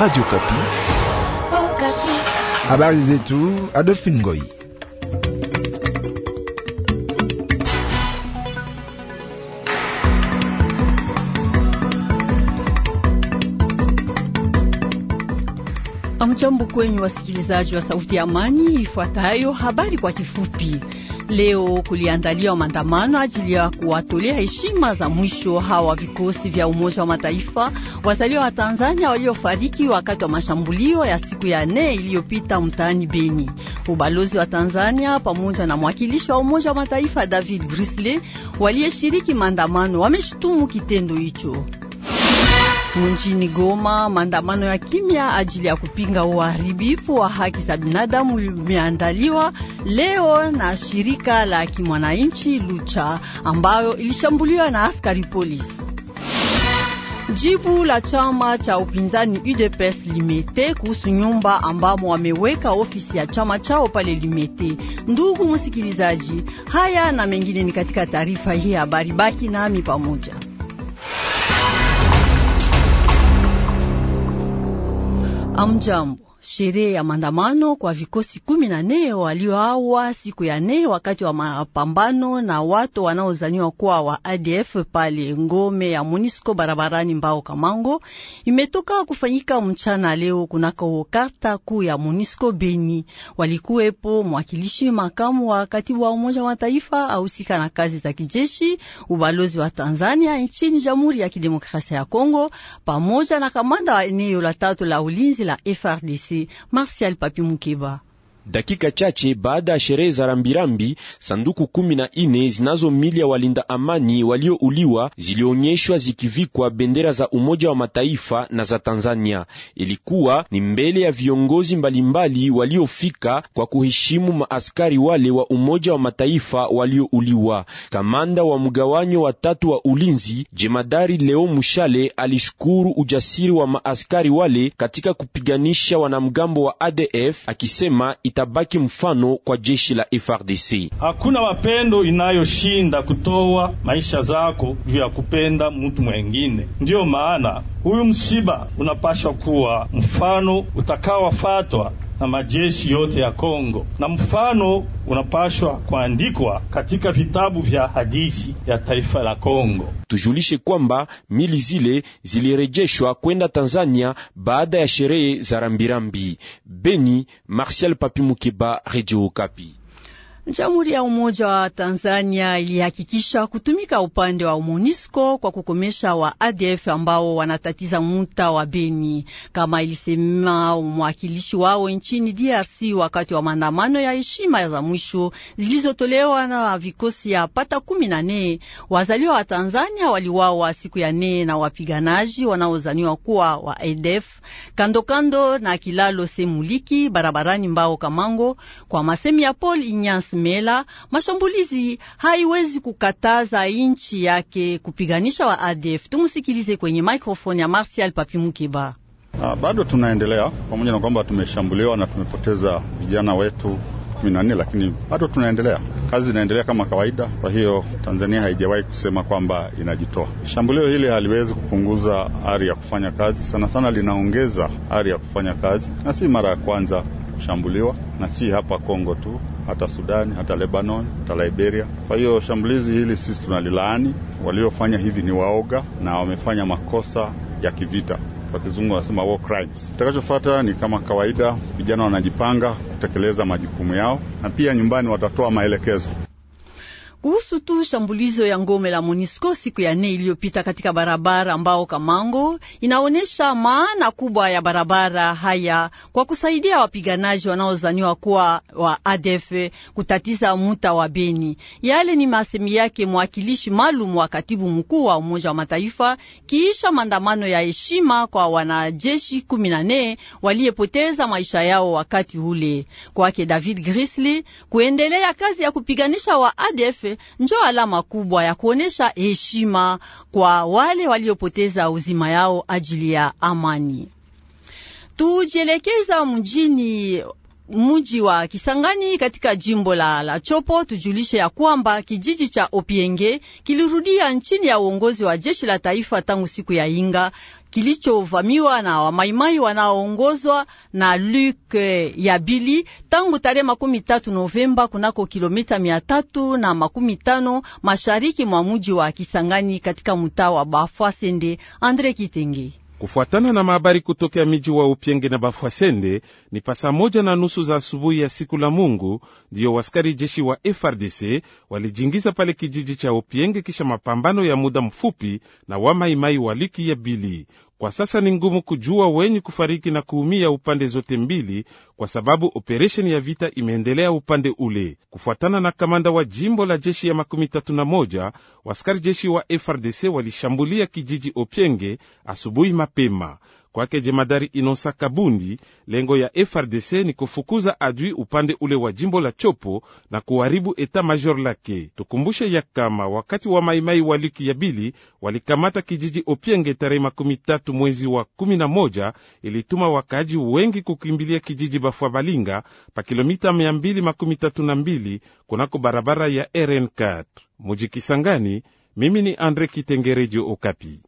Radio oh, Kapi. Habari zetu Adolphine Ngoi. Amjambo kwenyu wasikilizaji wa Sauti ya Amani, ifuatayo habari kwa kifupi. Leo kuliandaliwa maandamano ajili ya kuwatolea heshima za mwisho hawa vikosi vya Umoja wa Mataifa wazaliwa wa Tanzania waliofariki wakati wa mashambulio ya siku ya nne iliyopita mtaani Beni. Ubalozi wa Tanzania pamoja na mwakilishi wa Umoja wa Mataifa David Grisley waliyeshiriki maandamano wameshutumu kitendo hicho. Mjini Goma, maandamano ya kimya ajili ya kupinga uharibifu wa haki za binadamu imeandaliwa leo na shirika la kimwananchi Lucha ambayo ilishambuliwa na askari polisi. Jibu la chama cha upinzani UDPS Limete kuhusu nyumba ambamo wameweka ofisi ya chama chao pale Limete. Ndugu msikilizaji, haya na mengine ni katika taarifa hii habari, baki nami pamoja. Amjambo Sherehe ya maandamano kwa vikosi kumi na nne walioawa siku ya nne wakati wa mapambano na watu wanaozaniwa kuwa wa ADF pale ngome ya Munisco barabarani Mbao Kamango imetoka kufanyika mchana leo kunako karta kuu ya Munisco Beni. Walikuwepo mwakilishi makamu wa katibu wa Umoja wa Mataifa ahusika na kazi za kijeshi, ubalozi wa Tanzania nchini Jamhuri ya Kidemokrasia ya Kongo pamoja na kamanda wa eneo la tatu la ulinzi la FRDC. Martial va Dakika chache baada ya sherehe za rambirambi, sanduku kumi na ine zinazo ya walinda amani waliouliwa zilionyeshwa zikivikwa bendera za Umoja wa Mataifa na za Tanzania. Ilikuwa ni mbele ya viongozi mbalimbali waliofika kwa kuheshimu maaskari wale wa Umoja wa Mataifa waliouliwa. Kamanda wa mgawanyo wa tatu wa ulinzi jemadari Leo Mushale alishukuru ujasiri wa maaskari wale katika kupiganisha wanamgambo wa ADF akisema itabaki mfano kwa jeshi la FRDC. Hakuna wapendo inayoshinda kutoa maisha zako juu ya kupenda mtu mwengine. Ndiyo maana huyu msiba unapashwa kuwa mfano utakaofatwa na majeshi yote ya Kongo, na mfano unapashwa kuandikwa katika vitabu vya hadithi ya taifa la Kongo. Tujulishe kwamba mili zile zilirejeshwa kwenda Tanzania baada ya sherehe za rambirambi. Beni, Martial Papi Mukeba, Radio Okapi. Jamhuri ya Umoja wa Tanzania ilihakikisha kutumika upande wa MONUSCO kwa kukomesha wa ADF ambao wanatatiza muta wa Beni, kama ilisema mwakilishi wao nchini DRC wakati wa maandamano ya heshima za mwisho zilizotolewa na vikosi ya pata kumi na nne wazaliwa wa Tanzania waliwawa siku ya nne na wapiganaji wanaozaniwa kuwa wa ADF kandokando na kilalo Semuliki barabarani mbao Kamango, kwa masemi ya Paul Inyasa. Mela, mashambulizi haiwezi kukataza inchi yake kupiganisha wa ADF. Tumusikilize kwenye microphone ya Martial Papi Mukeba. Ah, bado tunaendelea pamoja na kwamba tumeshambuliwa na tumepoteza vijana wetu kumi na nne, lakini bado tunaendelea, kazi inaendelea kama kawaida. Kwa hiyo Tanzania haijawahi kusema kwamba inajitoa. Shambulio hili haliwezi kupunguza ari ya kufanya kazi, sana sana linaongeza ari ya kufanya kazi, na si mara ya kwanza kushambuliwa, na si hapa Kongo tu, hata Sudani, hata Lebanon, hata Liberia. Kwa hiyo shambulizi hili sisi tunalilaani. Waliofanya hivi ni waoga na wamefanya makosa ya kivita, kwa kizungu wanasema war crimes. Kitakachofuata ni kama kawaida, vijana wanajipanga kutekeleza majukumu yao, na pia nyumbani watatoa maelekezo kuhusu tu shambulizo ya ngome la Monisco siku ya nne iliyopita katika barabara ambao Kamango inaonyesha maana kubwa ya barabara haya kwa kusaidia wapiganaji wanaozaniwa kuwa wa ADF kutatiza muta wa Beni. Yale ni masemi yake mwakilishi maalum wa katibu mkuu wa Umoja wa Mataifa kiisha maandamano ya heshima kwa wanajeshi kumi na nne waliyepoteza maisha yao wakati ule. Kwake David Grisly, kuendelea kazi ya kupiganisha wa ADF njo alama kubwa ya kuonesha heshima kwa wale waliopoteza uzima yao ajili ya amani. Tujielekeza mjini mji wa Kisangani katika jimbo la la Chopo. Tujulishe ya kwamba kijiji cha Opienge kilirudia nchini ya uongozi wa jeshi la taifa tangu siku ya Inga kilichovamiwa na wamaimai wanaoongozwa na Luc eh, Yabili tangu tarehe makumi tatu Novemba kunako kilomita mia tatu na makumi tano mashariki mwa mji wa Kisangani katika mtaa wa Bafwasende. Andre Kitenge Kufuatana na mahabari kutokea miji wa Upyenge na Bafwasende, ni pasa moja na nusu za asubuhi ya siku la Mungu ndiyo waskari jeshi wa FRDC walijingiza pale kijiji cha Upyenge kisha mapambano ya muda mfupi na wamaimai waliki ya Bili. Kwa sasa ni ngumu kujua wenye kufariki na kuumia upande zote mbili, kwa sababu operesheni ya vita imeendelea upande ule. Kufuatana na kamanda wa jimbo la jeshi ya makumi tatu na moja, waskari jeshi wa FRDC walishambulia kijiji Opienge asubuhi mapema. Kwake jemadari Inosa Kabundi, lengo ya FRDC ni kufukuza adui upande ule wa jimbo la Chopo na kuharibu eta major lake. Tukumbushe ya kama wakati wa maimai wa Luki ya bili walikamata kijiji Opienge tarehe makumi tatu mwezi wa kumi na moja, ilituma wakaaji wengi kukimbilia kijiji balinga pa kilomita 232 kunako barabara ya RN4 mujikisangani. Mimi ni Andre Kitengerejo Okapi.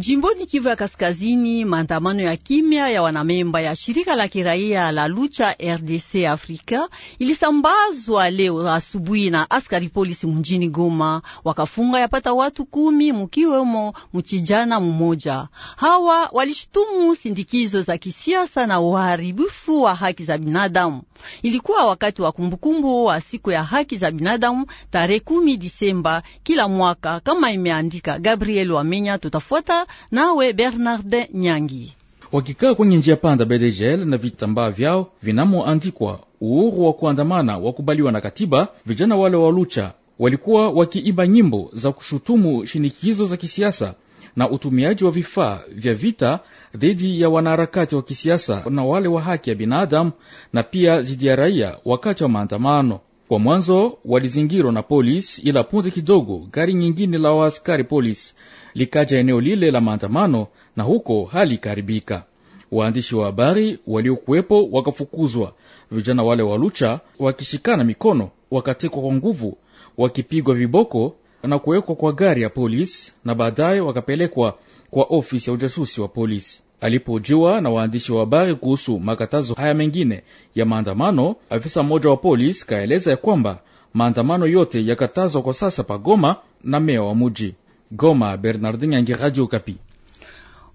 Jimboni Kivu ya Kaskazini, maandamano ya kimya ya wanamemba ya shirika la kiraia la Lucha RDC Afrika ilisambazwa leo asubuhi na askari polisi mjini Goma, wakafunga yapata watu kumi, mukiwemo mchijana mmoja. Hawa walishutumu sindikizo za kisiasa na uharibifu wa haki za binadamu. Ilikuwa wakati wa kumbukumbu wa siku ya haki za binadamu tarehe kumi Disemba kila mwaka, kama imeandika Gabriel Wamenya. Tutafuata nawe Bernard Nyangi. Wakikaa kwenye njia panda Bedegel na vitambaa vyao vinamoandikwa uhuru wa kuandamana wakubaliwa na katiba, vijana wale wa Lucha walikuwa wakiimba nyimbo za kushutumu shinikizo za kisiasa na utumiaji wa vifaa vya vita dhidi ya wanaharakati wa kisiasa na wale wa haki ya binadamu na pia dhidi ya raia wakati wa maandamano. Kwa mwanzo walizingirwa na polisi, ila punde kidogo gari nyingine la waaskari polisi likaja eneo lile la maandamano, na huko hali ikaharibika. Waandishi wa habari waliokuwepo wakafukuzwa, vijana wale wa Lucha wakishikana mikono wakatekwa kwa nguvu, wakipigwa viboko na kuwekwa kwa gari ya polisi, na baadaye wakapelekwa kwa ofisi ya ujasusi wa polisi. Alipojiwa na waandishi wa habari kuhusu makatazo haya mengine ya maandamano, afisa mmoja wa polisi kaeleza ya kwamba maandamano yote yakatazwa kwa sasa pagoma na meya wa muji. Goma, Bernardin Yangi, Radio Kapi.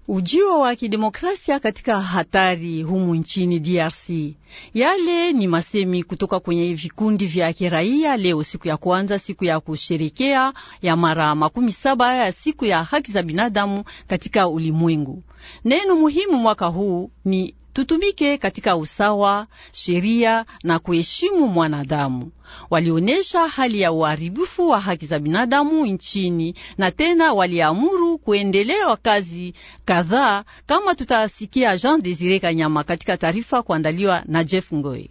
Ujio wa kidemokrasia katika hatari humu nchini DRC. Yale ni masemi kutoka kwenye vikundi vya kiraia leo, siku ya kwanza, siku ya kusherekea ya mara makumi saba ya siku ya haki za binadamu katika ulimwengu. Neno muhimu mwaka huu ni tutumike katika usawa, sheria na kuheshimu mwanadamu. Walionyesha hali ya uharibifu wa haki za binadamu nchini, na tena waliamuru kuendelewa kazi kadhaa, kama tutasikia Jean Desire Kanyama katika taarifa kuandaliwa na Jeff Ngoi.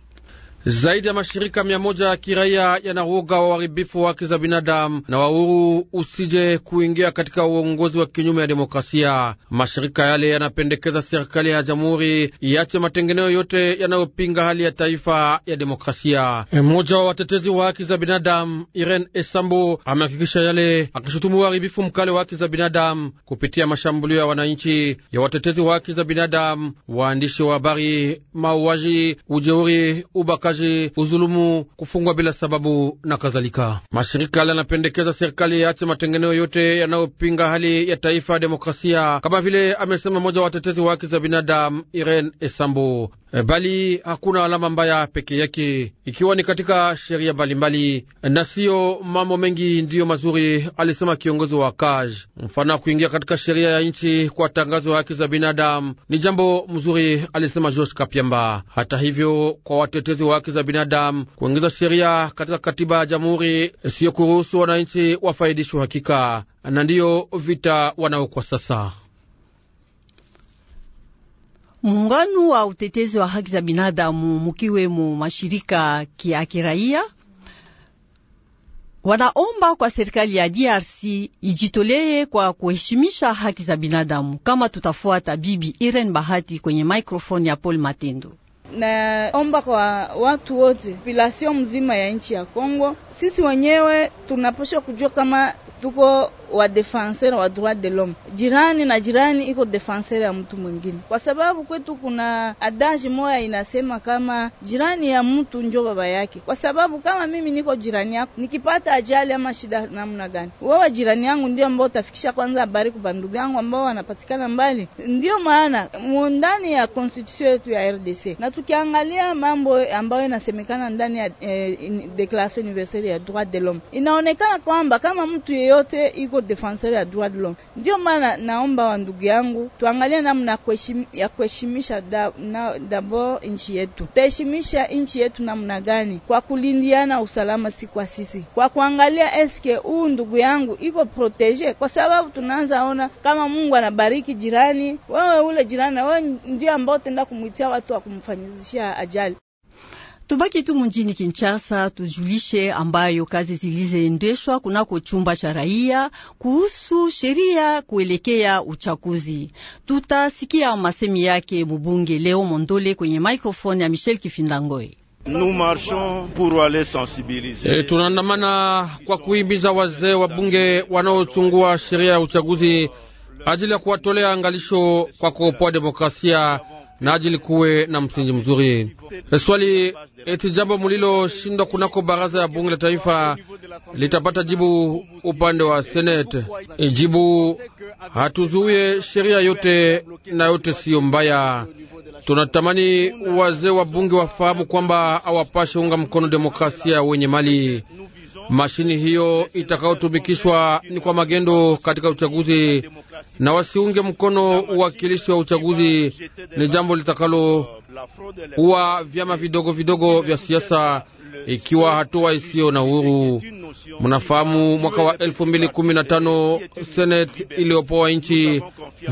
Zaidi ya mashirika mia moja ya kiraia yanawoga wa uharibifu wa haki za binadamu na wauru usije kuingia katika uongozi wa kinyume ya demokrasia. Mashirika yale yanapendekeza serikali ya jamhuri yache matengeneo yote yanayopinga hali ya taifa ya demokrasia. E, mmoja wa watetezi wa haki za binadamu Irene Esambo amehakikisha yale, akishutumu uharibifu mkali wa haki za binadamu kupitia mashambulio ya wananchi, ya watetezi wa haki za binadamu, waandishi wa habari, mauaji, ujeuri, ubaka ubakaji, uzulumu, kufungwa bila sababu na kadhalika. Mashirika yale yanapendekeza serikali yaache matengeneo yote yanayopinga hali ya taifa ya demokrasia, kama vile amesema mmoja wa watetezi wa haki za binadamu Irene Esambo. Eh, bali hakuna alama mbaya peke yake, ikiwa ni katika sheria mbalimbali na siyo mambo mengi ndiyo mazuri, alisema kiongozi wa KAJ. Mfano, kuingia katika sheria ya nchi kwa tangazo ya haki za binadamu ni jambo mzuri, alisema George Kapiamba. Hata hivyo, kwa watetezi wa haki za binadamu kuingiza sheria katika katiba ya jamhuri siyo kuruhusu wananchi wafaidishwe hakika, na ndiyo vita wanao kwa sasa. Muungano wa utetezi wa haki za binadamu mukiwemo mashirika ya kiraia wanaomba kwa serikali ya DRC ijitolee kwa kuheshimisha haki za binadamu, kama tutafuata Bibi Irene Bahati kwenye microphone ya Paul Matendo naomba kwa watu wote, population mzima ya nchi ya Kongo, sisi wenyewe tunapaswa kujua kama tuko wa defenseur wa droit de l'homme, jirani na jirani iko defenseur ya mtu mwingine, kwa sababu kwetu kuna adage moya inasema kama jirani ya mtu njo baba yake. Kwa sababu kama mimi niko jirani yako, nikipata ajali ama shida namna gani, wewe jirani yangu ndio ambao utafikisha kwanza habari kwa ndugu yangu ambao wanapatikana mbali. Ndio maana ndani ya constitution yetu ya RDC na tukiangalia mambo ambayo inasemekana ndani ya eh, Declaration Universelle ya droit de l'homme, inaonekana kwamba kama mtu yeyote iko defenseur ya droit de l'homme. Ndio maana naomba wa ndugu yangu tuangalie namna ya kuheshimisha dabord nchi yetu. Tutaheshimisha nchi yetu namna gani? Kwa kulindiana usalama, si kwa sisi, kwa kuangalia eske huu ndugu yangu iko protege, kwa sababu tunaanza ona kama Mungu anabariki jirani, wewe ule jirani wewe ndio ambao tenda kumwitia watu wa kumfanyia kusababisha ajali. Tubaki tu mjini Kinshasa, tujulishe ambayo kazi zilizoendeshwa kunako chumba cha raia kuhusu sheria kuelekea uchaguzi. Tutasikia masemi yake mbunge Leo Mondole kwenye microphone ya Michel Kifindangoe. E, eh, tunaandamana kwa kuhimiza wazee wa bunge wanaochungua sheria ya uchaguzi ajili ya kuwatolea angalisho kwa kuopoa demokrasia na ajili kuwe na msingi mzuri. E, swali eti jambo mliloshindwa kunako baraza ya bunge la taifa litapata jibu upande wa senete. E, jibu, hatuzuie sheria yote na yote siyo mbaya. Tunatamani wazee wa bunge wafahamu kwamba awapashe unga mkono demokrasia wenye mali Mashini hiyo itakayotumikishwa ni kwa magendo katika uchaguzi, na wasiunge mkono uwakilishi wa uchaguzi, ni jambo litakalo huwa vyama vidogo vidogo vya siasa, ikiwa hatua isiyo na uhuru. Mnafahamu mwaka wa elfu mbili kumi na tano seneti iliyopoa nchi,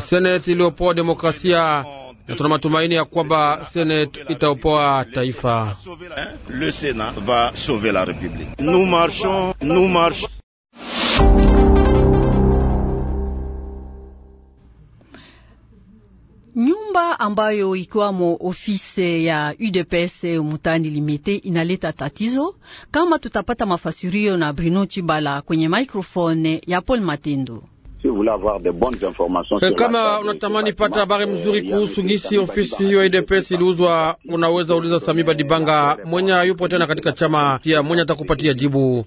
seneti iliyopoa demokrasia na tuna matumaini ya kwamba senate itaopoa taifa. Nyumba ambayo ikiwamo ofise ya UDPS mutani Limete inaleta tatizo, kama tutapata mafasirio na Bruno Chibala kwenye microphone ya Paul Matendo si vous voulez avoir de bonnes informations. Eh, Kama unatamani pata habari mzuri kuhusu gisi ofisi hiyo IDPS iliuzwa, unaweza uliza Samiba Dibanga mwenye yupo tena katika chama pia, mwenye atakupatia jibu.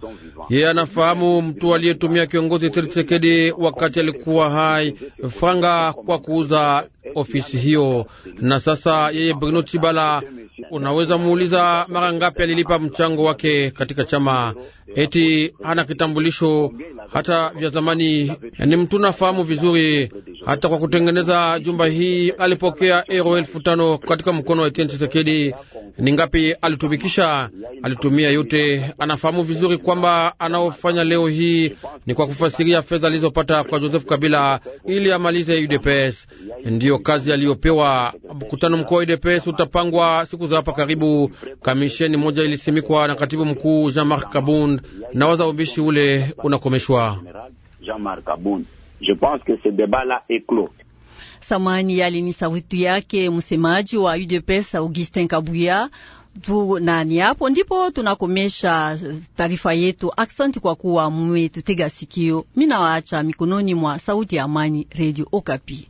Yeye anafahamu mtu aliyetumia kiongozi Tshisekedi wakati alikuwa hai franga kwa kuuza ofisi hiyo, na sasa yeye Bruno Chibala unaweza muuliza mara ngapi alilipa mchango wake katika chama, eti hana kitambulisho hata vya zamani ni tunafahamu vizuri. Hata kwa kutengeneza jumba hii alipokea euro elfu tano katika mkono wa Etienne Tshisekedi. Ni ngapi alitumikisha? Alitumia yote. Anafahamu vizuri kwamba anaofanya leo hii ni kwa kufasiria fedha alizopata kwa Joseph Kabila ili amalize UDPS. Ndiyo kazi aliyopewa. Mkutano mkuu wa UDPS utapangwa siku za hapa karibu. Kamisheni moja ilisimikwa na katibu mkuu Jean-Marc Kabund na waza ubishi ule unakomeshwa. Jean-Marc Aboun. Je pense que ce débat-là est clos. Samani yali ni sauti yake msemaji wa UDPS Augustin Kabuya nani hapo ndipo tunakomesha taarifa yetu. Aksanti kwa kuwa mmetutega sikio. nawaacha mikononi mwa sauti ya amani, Radio Okapi.